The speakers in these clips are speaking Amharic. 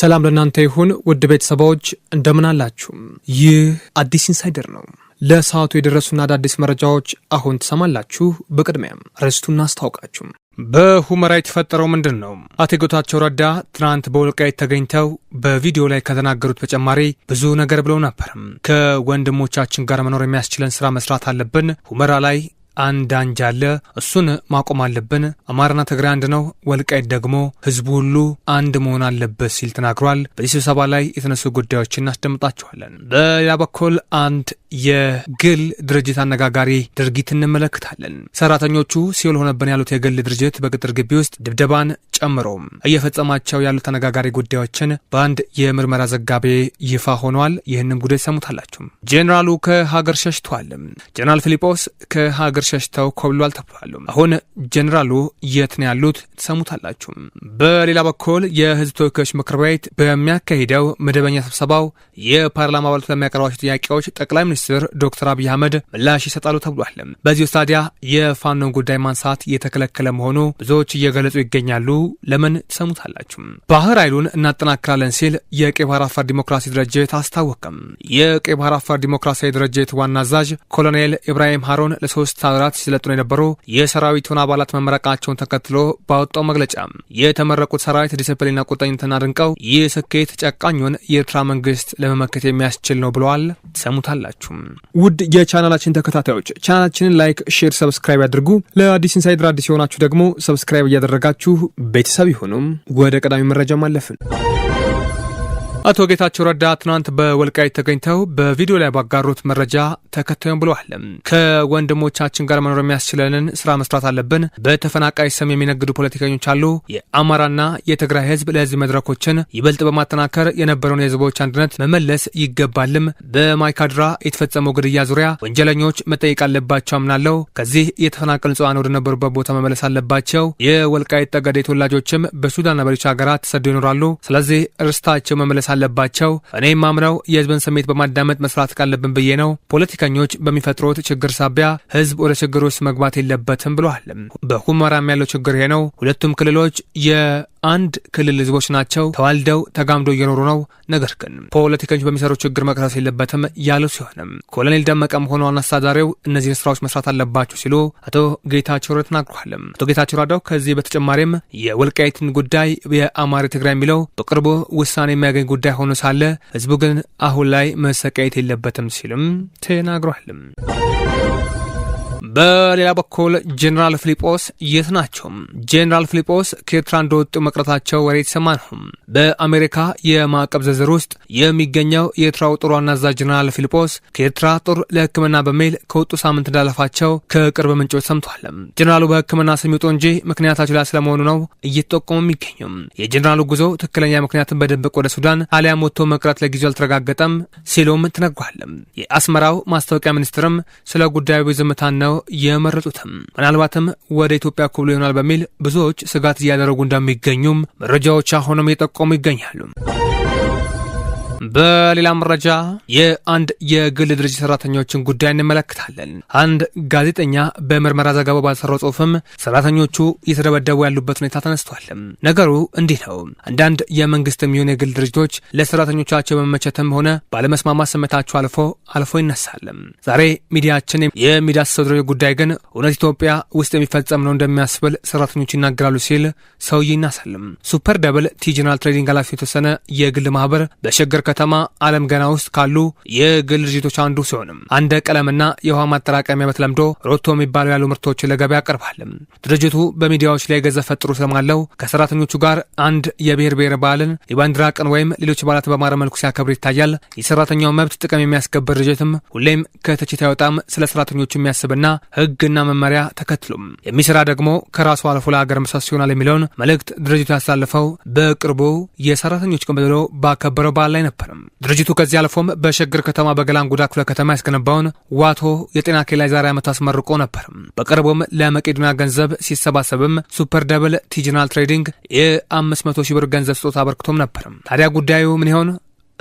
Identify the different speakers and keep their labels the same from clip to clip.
Speaker 1: ሰላም ለእናንተ ይሁን ውድ ቤተሰባዎች እንደምን አላችሁም? ይህ አዲስ ኢንሳይደር ነው። ለሰዓቱ የደረሱና አዳዲስ መረጃዎች አሁን ትሰማላችሁ። በቅድሚያም ርዕስቱን አስታውቃችሁ በሁመራ የተፈጠረው ምንድን ነው? አቶ ጌታቸው ረዳ ትናንት በወልቃይት ተገኝተው በቪዲዮ ላይ ከተናገሩት በተጨማሪ ብዙ ነገር ብለው ነበር። ከወንድሞቻችን ጋር መኖር የሚያስችለን ስራ መስራት አለብን። ሁመራ ላይ አንድ አንጃ አለ፣ እሱን ማቆም አለብን። አማራና ትግራይ አንድ ነው፣ ወልቃይት ደግሞ ህዝቡ ሁሉ አንድ መሆን አለበት ሲል ተናግሯል። በዚህ ስብሰባ ላይ የተነሱ ጉዳዮችን እናስደምጣችኋለን። በሌላ በኩል አንድ የግል ድርጅት አነጋጋሪ ድርጊት እንመለከታለን። ሰራተኞቹ ሲውል ሆነብን ያሉት የግል ድርጅት በቅጥር ግቢ ውስጥ ድብደባን ጨምሮ እየፈጸማቸው ያሉት አነጋጋሪ ጉዳዮችን በአንድ የምርመራ ዘጋቢ ይፋ ሆኗል። ይህንም ጉዳይ ሰሙታላችሁ። ጄኔራሉ ከሀገር ሸሽተዋል። ጄኔራል ፊሊጶስ ከሀገር ሸሽተው ኮብሏል ተብሏል። አሁን ጀኔራሉ የት ነው ያሉት? ትሰሙታላችሁ። በሌላ በኩል የህዝብ ተወካዮች ምክር ቤት በሚያካሂደው መደበኛ ስብሰባው የፓርላማ አባላት ለሚያቀርባቸው ጥያቄዎች ጠቅላይ ሚኒስትር ዶክተር አብይ አህመድ ምላሽ ይሰጣሉ ተብሏል። በዚሁ ታዲያ የፋኖን ጉዳይ ማንሳት የተከለከለ መሆኑ ብዙዎች እየገለጹ ይገኛሉ። ለምን ትሰሙታላችሁ። ባህር ኃይሉን እናጠናክራለን ሲል የቀይ ባህር አፋር ዲሞክራሲ ድርጅት አስታወቀም። የቀይ ባህር አፋር ዲሞክራሲያዊ ድርጅት ዋና አዛዥ ኮሎኔል ኢብራሂም ሃሮን ለሶስት አባላት ሲሰለጥኑ የነበሩ የሰራዊቱን አባላት መመረቃቸውን ተከትሎ ባወጣው መግለጫ የተመረቁት ሰራዊት ዲስፕሊንና ቁርጠኝነትን አድንቀው ይህ ስኬት ጨቋኙን የኤርትራ መንግስት ለመመከት የሚያስችል ነው ብለዋል። ሰሙታላችሁ። ውድ የቻናላችን ተከታታዮች ቻናላችንን ላይክ፣ ሼር፣ ሰብስክራይብ ያድርጉ። ለአዲስ ኢንሳይድር አዲስ የሆናችሁ ደግሞ ሰብስክራይብ እያደረጋችሁ ቤተሰብ ይሁኑም። ወደ ቀዳሚ መረጃም አለፍን። አቶ ጌታቸው ረዳ ትናንት በወልቃይት ተገኝተው በቪዲዮ ላይ ባጋሩት መረጃ ተከታዩም ብለዋል። ከወንድሞቻችን ጋር መኖር የሚያስችለንን ስራ መስራት አለብን። በተፈናቃይ ስም የሚነግዱ ፖለቲከኞች አሉ። የአማራና የትግራይ ህዝብ ለዚህ መድረኮችን ይበልጥ በማጠናከር የነበረውን የህዝቦች አንድነት መመለስ ይገባልም። በማይካድራ የተፈጸመው ግድያ ዙሪያ ወንጀለኞች መጠየቅ አለባቸው አምናለው። ከዚህ የተፈናቀሉ ንጹሃን ወደነበሩበት ቦታ መመለስ አለባቸው። የወልቃይት ጠገዴ ተወላጆችም በሱዳንና በሌሎች ሀገራት ተሰደው ይኖራሉ። ስለዚህ እርስታቸው መመለስ አለባቸው። እኔ የማምነው የህዝብን ስሜት በማዳመጥ መስራት ካለብን ብዬ ነው። ፖለቲከኞች በሚፈጥሩት ችግር ሳቢያ ህዝብ ወደ ችግር ውስጥ መግባት የለበትም ብለዋል። በሁመራም ያለው ችግር ይሄ ነው። ሁለቱም ክልሎች የ አንድ ክልል ህዝቦች ናቸው። ተዋልደው ተጋምዶ እየኖሩ ነው። ነገር ግን ፖለቲከኞች በሚሰሩ ችግር መቅረፍ የለበትም ያሉ ሲሆንም ኮሎኔል ደመቀ ሆኖ አስተዳዳሪው እነዚህን ስራዎች መስራት አለባቸው ሲሉ አቶ ጌታቸው ረዳው ተናግሯል። አቶ ጌታቸው ረዳው ከዚህ በተጨማሪም የወልቃይትን ጉዳይ የአማራ ትግራይ የሚለው በቅርቡ ውሳኔ የሚያገኝ ጉዳይ ሆኖ ሳለ ህዝቡ ግን አሁን ላይ መሰቃየት የለበትም ሲልም ተናግሯል። በሌላ በኩል ጄኔራል ፊሊጶስ የት ናቸው? ጄኔራል ፊሊጶስ ከኤርትራ እንደወጡ መቅረታቸው ወሬ የተሰማ ነው። በአሜሪካ የማዕቀብ ዝርዝር ውስጥ የሚገኘው የኤርትራው ጦር ዋና አዛዥ ጄኔራል ፊሊጶስ ከኤርትራ ጦር ለሕክምና በሚል ከወጡ ሳምንት እንዳለፋቸው ከቅርብ ምንጮች ሰምቷል። ጄኔራሉ በሕክምና ስለሚወጡ እንጂ ምክንያታቸው ላይ ስለመሆኑ ነው እየተጠቆሙ የሚገኙ። የጄኔራሉ ጉዞ ትክክለኛ ምክንያትን በድብቅ ወደ ሱዳን አሊያም ወጥቶ መቅረት ለጊዜው አልተረጋገጠም ሲሉም ተነግሯል። የአስመራው ማስታወቂያ ሚኒስትርም ስለ ጉዳዩ ዝምታን ነው የመረጡትም ምናልባትም ወደ ኢትዮጵያ ኩብሎ ይሆናል በሚል ብዙዎች ስጋት እያደረጉ እንደሚገኙም መረጃዎች አሁንም እየጠቆሙ ይገኛሉ። በሌላ መረጃ የአንድ የግል ድርጅት ሰራተኞችን ጉዳይ እንመለከታለን። አንድ ጋዜጠኛ በምርመራ ዘገባው ባልሰራው ጽሁፍም ሰራተኞቹ እየተደበደቡ ያሉበት ሁኔታ ተነስቷል። ነገሩ እንዲህ ነው። አንዳንድ የመንግስት የሚሆን የግል ድርጅቶች ለሰራተኞቻቸው በመመቸትም ሆነ ባለመስማማት ስሜታቸው አልፎ አልፎ ይነሳል። ዛሬ ሚዲያችን የሚዳስሰው ድርጅት ጉዳይ ግን እውነት ኢትዮጵያ ውስጥ የሚፈጸም ነው እንደሚያስብል ሰራተኞች ይናገራሉ ሲል ሰውዬ ይናሳልም። ሱፐር ደብል ቲጂናል ትሬዲንግ ኃላፊ የተወሰነ የግል ማህበር በሸገር ከተማ አለም ገና ውስጥ ካሉ የግል ድርጅቶች አንዱ ሲሆንም አንደ ቀለምና የውሃ ማጠራቀሚያ በተለምዶ ሮቶ የሚባሉ ያሉ ምርቶችን ለገበያ ያቀርባል። ድርጅቱ በሚዲያዎች ላይ ገዘፍ ፈጥሮ ስለማለው ከሰራተኞቹ ጋር አንድ የብሔር ብሔር በዓልን የባንዲራ ቀን ወይም ሌሎች በዓላት በማረ መልኩ ሲያከብር ይታያል። የሰራተኛው መብት ጥቅም የሚያስከብር ድርጅትም ሁሌም ከተችት አይወጣም። ስለ ሰራተኞቹ የሚያስብና ህግና መመሪያ ተከትሎም የሚሰራ ደግሞ ከራሱ አልፎ ለሀገር ምሰሶ ይሆናል የሚለውን መልእክት ድርጅቱ ያሳለፈው በቅርቡ የሰራተኞች ቀን ብሎ ባከበረው በዓል ላይ ነበር። አልነበርም። ድርጅቱ ከዚህ አልፎም በሸገር ከተማ በገላንጉዳ ክፍለ ከተማ ያስገነባውን ዋቶ የጤና ኬላ የዛሬ ዓመት አስመርቆ ነበር። በቅርቡም ለመቄዶንያ ገንዘብ ሲሰባሰብም ሱፐር ደብል ቲጂናል ትሬዲንግ የ500 ሺህ ብር ገንዘብ ስጦታ አበርክቶም ነበር። ታዲያ ጉዳዩ ምን ይሆን?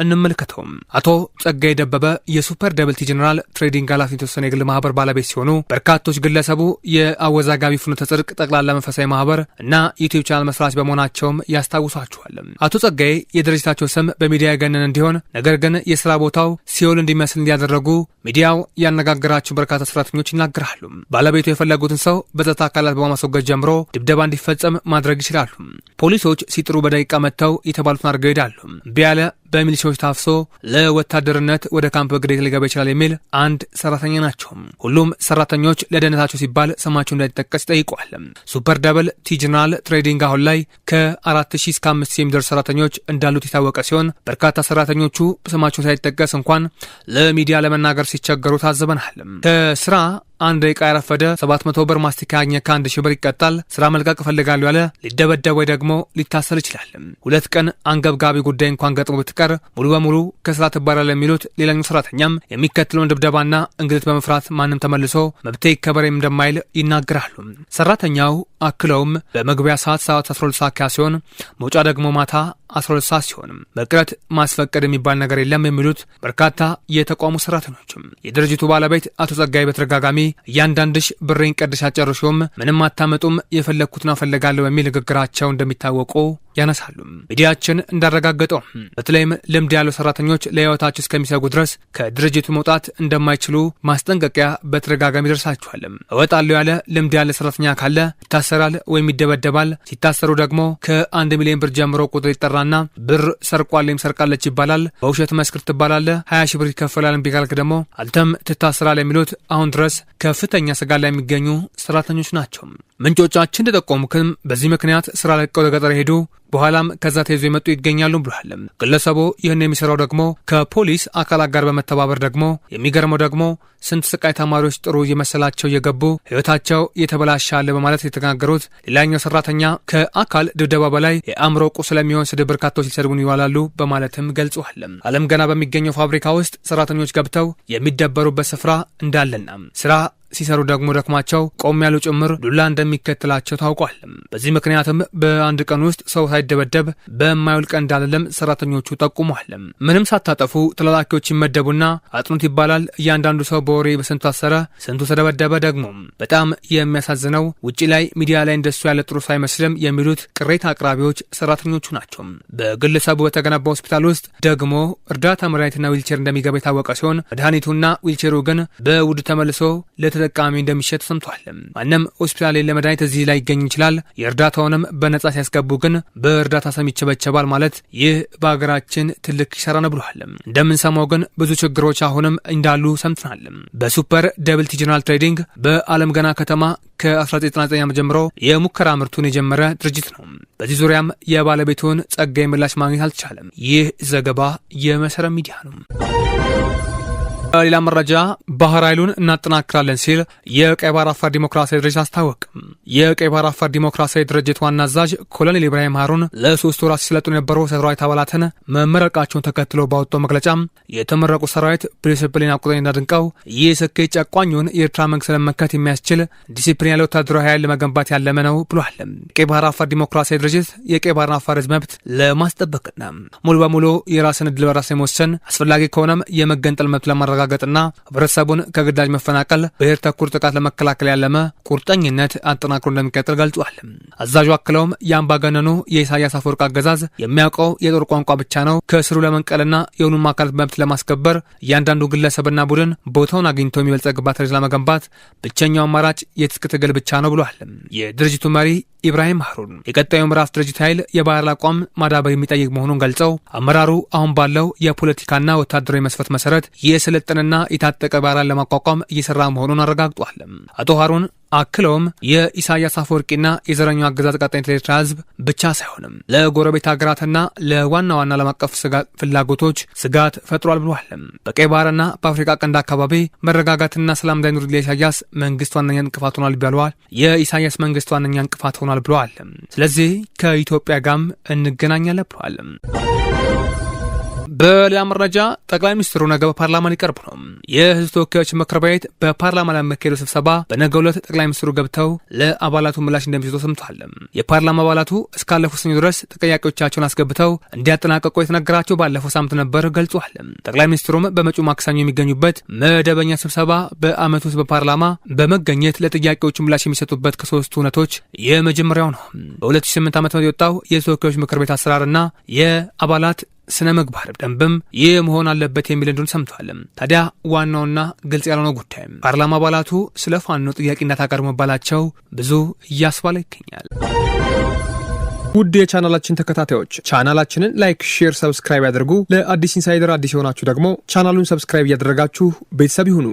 Speaker 1: እንመልከተውም። አቶ ጸጋይ ደበበ የሱፐር ደብልቲ ጀኔራል ትሬዲንግ ኃላፊ የተወሰነ የግል ማህበር ባለቤት ሲሆኑ በርካቶች ግለሰቡ የአወዛጋቢ ፍኖተ ጽድቅ ጠቅላላ መንፈሳዊ ማህበር እና ዩቲዩብ ቻናል መስራች በመሆናቸውም ያስታውሳችኋል። አቶ ጸጋይ የድርጅታቸው ስም በሚዲያ የገነን እንዲሆን ነገር ግን የስራ ቦታው ሲኦል እንዲመስል እንዲያደረጉ ሚዲያው ያነጋገራቸው በርካታ ሰራተኞች ይናገራሉ። ባለቤቱ የፈለጉትን ሰው በጸጥታ አካላት በማስወገድ ጀምሮ ድብደባ እንዲፈጸም ማድረግ ይችላሉ። ፖሊሶች ሲጥሩ በደቂቃ መጥተው የተባሉትን አድርገው ይሄዳሉ። ቢያለ በሚሊሻዎች ታፍሶ ለወታደርነት ወደ ካምፕ ግዴታ ሊገባ ይችላል የሚል አንድ ሰራተኛ ናቸው። ሁሉም ሰራተኞች ለደህንነታቸው ሲባል ስማቸው እንዳይጠቀስ ጠይቋል። ሱፐር ደብል ቲጅናል ትሬዲንግ አሁን ላይ ከ4000 እስከ 5000 የሚደርሱ ሰራተኞች እንዳሉት የታወቀ ሲሆን በርካታ ሰራተኞቹ ስማቸው ሳይጠቀስ እንኳን ለሚዲያ ለመናገር ሲቸገሩ ታዝበናል። ከስራ አንድ ደቂቃ ያረፈደ 700 ብር ማስቲካ ያገኘ ከ1000 ብር ይቀጣል። ስራ መልቀቅ እፈልጋለሁ ያለ ሊደበደብ ወይ ደግሞ ሊታሰር ይችላል። ሁለት ቀን አንገብጋቢ ጉዳይ እንኳን ገጥሞ ብትቀር ሙሉ በሙሉ ከስራ ትባላል የሚሉት ሌላኛው ሰራተኛም የሚከትለውን ድብደባና እንግልት በመፍራት ማንም ተመልሶ መብቴ ይከበሬም እንደማይል ይናገራሉ። ሰራተኛው አክለውም በመግቢያ ሰዓት ሰዓት 12 ሰዓት ሲሆን መውጫ ደግሞ ማታ 12 ሰዓት ሲሆን በቅረት ማስፈቀድ የሚባል ነገር የለም የሚሉት በርካታ የተቋሙ ሰራተኞችም የድርጅቱ ባለቤት አቶ ጸጋይ በተደጋጋሚ ጊዜ እያንዳንድሽ ብሬን ቀድሽ አጨርሾም ምንም አታመጡም የፈለግኩትን አፈለጋለሁ በሚል ንግግራቸው እንደሚታወቁ ያነሳሉ። ሚዲያችን እንዳረጋገጠው በተለይም ልምድ ያሉ ሰራተኞች ለህይወታቸው እስከሚሰጉ ድረስ ከድርጅቱ መውጣት እንደማይችሉ ማስጠንቀቂያ በተደጋጋሚ ይደርሳቸዋል። እወጣለሁ ያለ ልምድ ያለ ሰራተኛ ካለ ይታሰራል ወይም ይደበደባል። ሲታሰሩ ደግሞ ከአንድ ሚሊዮን ብር ጀምሮ ቁጥር ይጠራና ብር ሰርቋል ወይም ሰርቃለች ይባላል። በውሸት መስክር ትባላለ። ሀያ ሺ ብር ይከፈላል። ቢካልክ ደግሞ አልተም ትታሰራል የሚሉት አሁን ድረስ ከፍተኛ ስጋት ላይ የሚገኙ ሰራተኞች ናቸው። ምንጮቻችን እንደጠቆሙትም በዚህ ምክንያት ስራ ለቀው ለገጠር ሄዱ በኋላም ከዛ ተይዞ የመጡ ይገኛሉ ብሏል። ግለሰቡ ይህን የሚሰራው ደግሞ ከፖሊስ አካላት ጋር በመተባበር ደግሞ የሚገርመው ደግሞ ስንት ስቃይ ተማሪዎች ጥሩ እየመሰላቸው እየገቡ ህይወታቸው እየተበላሸ አለ በማለት የተናገሩት ሌላኛው ሰራተኛ ከአካል ድብደባ በላይ የአእምሮ ቁስል የሚሆን ስድብ በርካቶች ሊሰድቡን ይዋላሉ በማለትም ገልጿል። አለም ገና በሚገኘው ፋብሪካ ውስጥ ሰራተኞች ገብተው የሚደበሩበት ስፍራ እንዳለና ስራ ሲሰሩ ደግሞ ደክማቸው ቆም ያሉ ጭምር ዱላ እንደሚከተላቸው ታውቋል። በዚህ ምክንያትም በአንድ ቀን ውስጥ ሰው ሳይደበደብ በማይውል ቀን እንዳለለም ሰራተኞቹ ጠቁሟል። ምንም ሳታጠፉ ተላላኪዎች ይመደቡና አጥኑት ይባላል። እያንዳንዱ ሰው በወሬ በስንቱ ታሰረ፣ ስንቱ ተደበደበ። ደግሞ በጣም የሚያሳዝነው ውጭ ላይ ሚዲያ ላይ እንደሱ ያለ ጥሩ አይመስልም የሚሉት ቅሬታ አቅራቢዎች ሰራተኞቹ ናቸው። በግለሰቡ በተገነባ ሆስፒታል ውስጥ ደግሞ እርዳታ መድኃኒትና ዊልቸር እንደሚገባ የታወቀ ሲሆን መድኃኒቱና ዊልቸሩ ግን በውድ ተመልሶ ለት ለተጠቃሚ እንደሚሸጥ ሰምቷል። ማንም ሆስፒታል መድኃኒት እዚህ ላይ ይገኝ ይችላል። የእርዳታውንም በነጻ ሲያስገቡ ግን በእርዳታ ሰሚ ይቸበቸባል ማለት ይህ በሀገራችን ትልቅ ኪሳራ ነው ብሏል። እንደምንሰማው ግን ብዙ ችግሮች አሁንም እንዳሉ ሰምተናል። በሱፐር ደብል ጀነራል ትሬዲንግ በአለም ገና ከተማ ከ1999 ጀምሮ የሙከራ ምርቱን የጀመረ ድርጅት ነው። በዚህ ዙሪያም የባለቤቱን ጸጋይ ምላሽ ማግኘት አልተቻለም። ይህ ዘገባ የመሰረ ሚዲያ ነው። በሌላ መረጃ ባህር ኃይሉን እናጠናክራለን ሲል የቀይ ባህር አፋር ዲሞክራሲያዊ ድርጅት አስታወቅ። የቀይ ባህር አፋር ዲሞክራሲያዊ ድርጅት ዋና አዛዥ ኮሎኔል ኢብራሂም ሃሩን ለሶስት ወራት ሲሰለጡ የነበሩ ሰራዊት አባላትን መመረቃቸውን ተከትሎ ባወጣው መግለጫ የተመረቁ ሰራዊት ዲሲፕሊን አቁጠኝ እንዳድንቀው ይህ ስኬት ጨቋኙን የኤርትራ መንግስት ለመመከት የሚያስችል ዲሲፕሊን ያለ ወታደራዊ ኃይል ለመገንባት ያለመ ነው ብሏል። ቀይ ባህር አፋር ዲሞክራሲያዊ ድርጅት የቀይ ባህር አፋር ህዝብ መብት ለማስጠበቅና ሙሉ በሙሉ የራስን ዕድል በራስ የመወሰን አስፈላጊ ከሆነም የመገንጠል መብት ለማረ ለማረጋገጥና ህብረተሰቡን ከግዳጅ መፈናቀል ብሔር ተኩር ጥቃት ለመከላከል ያለመ ቁርጠኝነት አጠናክሮ እንደሚቀጥል ገልጿል። አዛዡ አክለውም የአምባገነኑ የኢሳያስ አፈወርቅ አገዛዝ የሚያውቀው የጦር ቋንቋ ብቻ ነው። ከእስሩ ለመንቀልና የሁሉም አካላት መብት ለማስከበር እያንዳንዱ ግለሰብና ቡድን ቦታውን አግኝቶ የሚበልጸግባት ለመገንባት ብቸኛው አማራጭ የትጥቅ ትግል ብቻ ነው ብሏል። የድርጅቱ መሪ ኢብራሂም ሀሩን የቀጣዩ ምዕራፍ ድርጅት ኃይል የባህር አቋም ማዳበር የሚጠይቅ መሆኑን ገልጸው አመራሩ አሁን ባለው የፖለቲካና ወታደራዊ መስፈት መሰረት የስልጥንና የታጠቀ ባህራን ለማቋቋም እየሰራ መሆኑን አረጋግጧል። አቶ ሀሩን አክለውም የኢሳያስ አፈወርቂና የዘረኛው አገዛዝ ቀጣይነት ለኤርትራ ህዝብ ብቻ ሳይሆንም ለጎረቤት ሀገራትና ለዋና ዋና ዓለም አቀፍ ፍላጎቶች ስጋት ፈጥሯል ብሏል። በቀይ ባህርና በአፍሪካ ቀንድ አካባቢ መረጋጋትና ሰላም እንዳይኖር ለኢሳያስ መንግስት ዋነኛ እንቅፋት ሆኗል ብለዋል። የኢሳያስ መንግስት ዋነኛ እንቅፋት ሆኗል ብለዋል። ስለዚህ ከኢትዮጵያ ጋርም እንገናኛለን ብለዋል። በሌላ መረጃ ጠቅላይ ሚኒስትሩ ነገ በፓርላማ ሊቀርቡ ነው። የህዝብ ተወካዮች ምክር ቤት በፓርላማ ላይ የሚካሄደው ስብሰባ በነገ ዕለት ጠቅላይ ሚኒስትሩ ገብተው ለአባላቱ ምላሽ እንደሚሰጡ ሰምቷል። የፓርላማ አባላቱ እስካለፉት ሰኞ ድረስ ጥያቄዎቻቸውን አስገብተው እንዲያጠናቀቁ የተነገራቸው ባለፈው ሳምንት ነበር ገልጿል። ጠቅላይ ሚኒስትሩም በመጪው ማክሰኞ የሚገኙበት መደበኛ ስብሰባ በአመት ውስጥ በፓርላማ በመገኘት ለጥያቄዎቹ ምላሽ የሚሰጡበት ከሶስቱ እውነቶች የመጀመሪያው ነው። በ2008 ዓ ም የወጣው የተወካዮች ምክር ቤት አሰራርና የአባላት ስነ ምግባር ደንብም ይህ መሆን አለበት የሚል እንዲሆን ሰምቷል። ታዲያ ዋናውና ግልጽ ያልሆነው ጉዳይም ፓርላማ አባላቱ ስለ ፋኖ ጥያቄ እንዳታቀርብ መባላቸው ብዙ እያስባለ ይገኛል። ውድ የቻናላችን ተከታታዮች ቻናላችንን ላይክ፣ ሼር፣ ሰብስክራይብ ያደርጉ። ለአዲስ ኢንሳይደር አዲስ የሆናችሁ ደግሞ ቻናሉን ሰብስክራይብ እያደረጋችሁ ቤተሰብ ይሁኑ።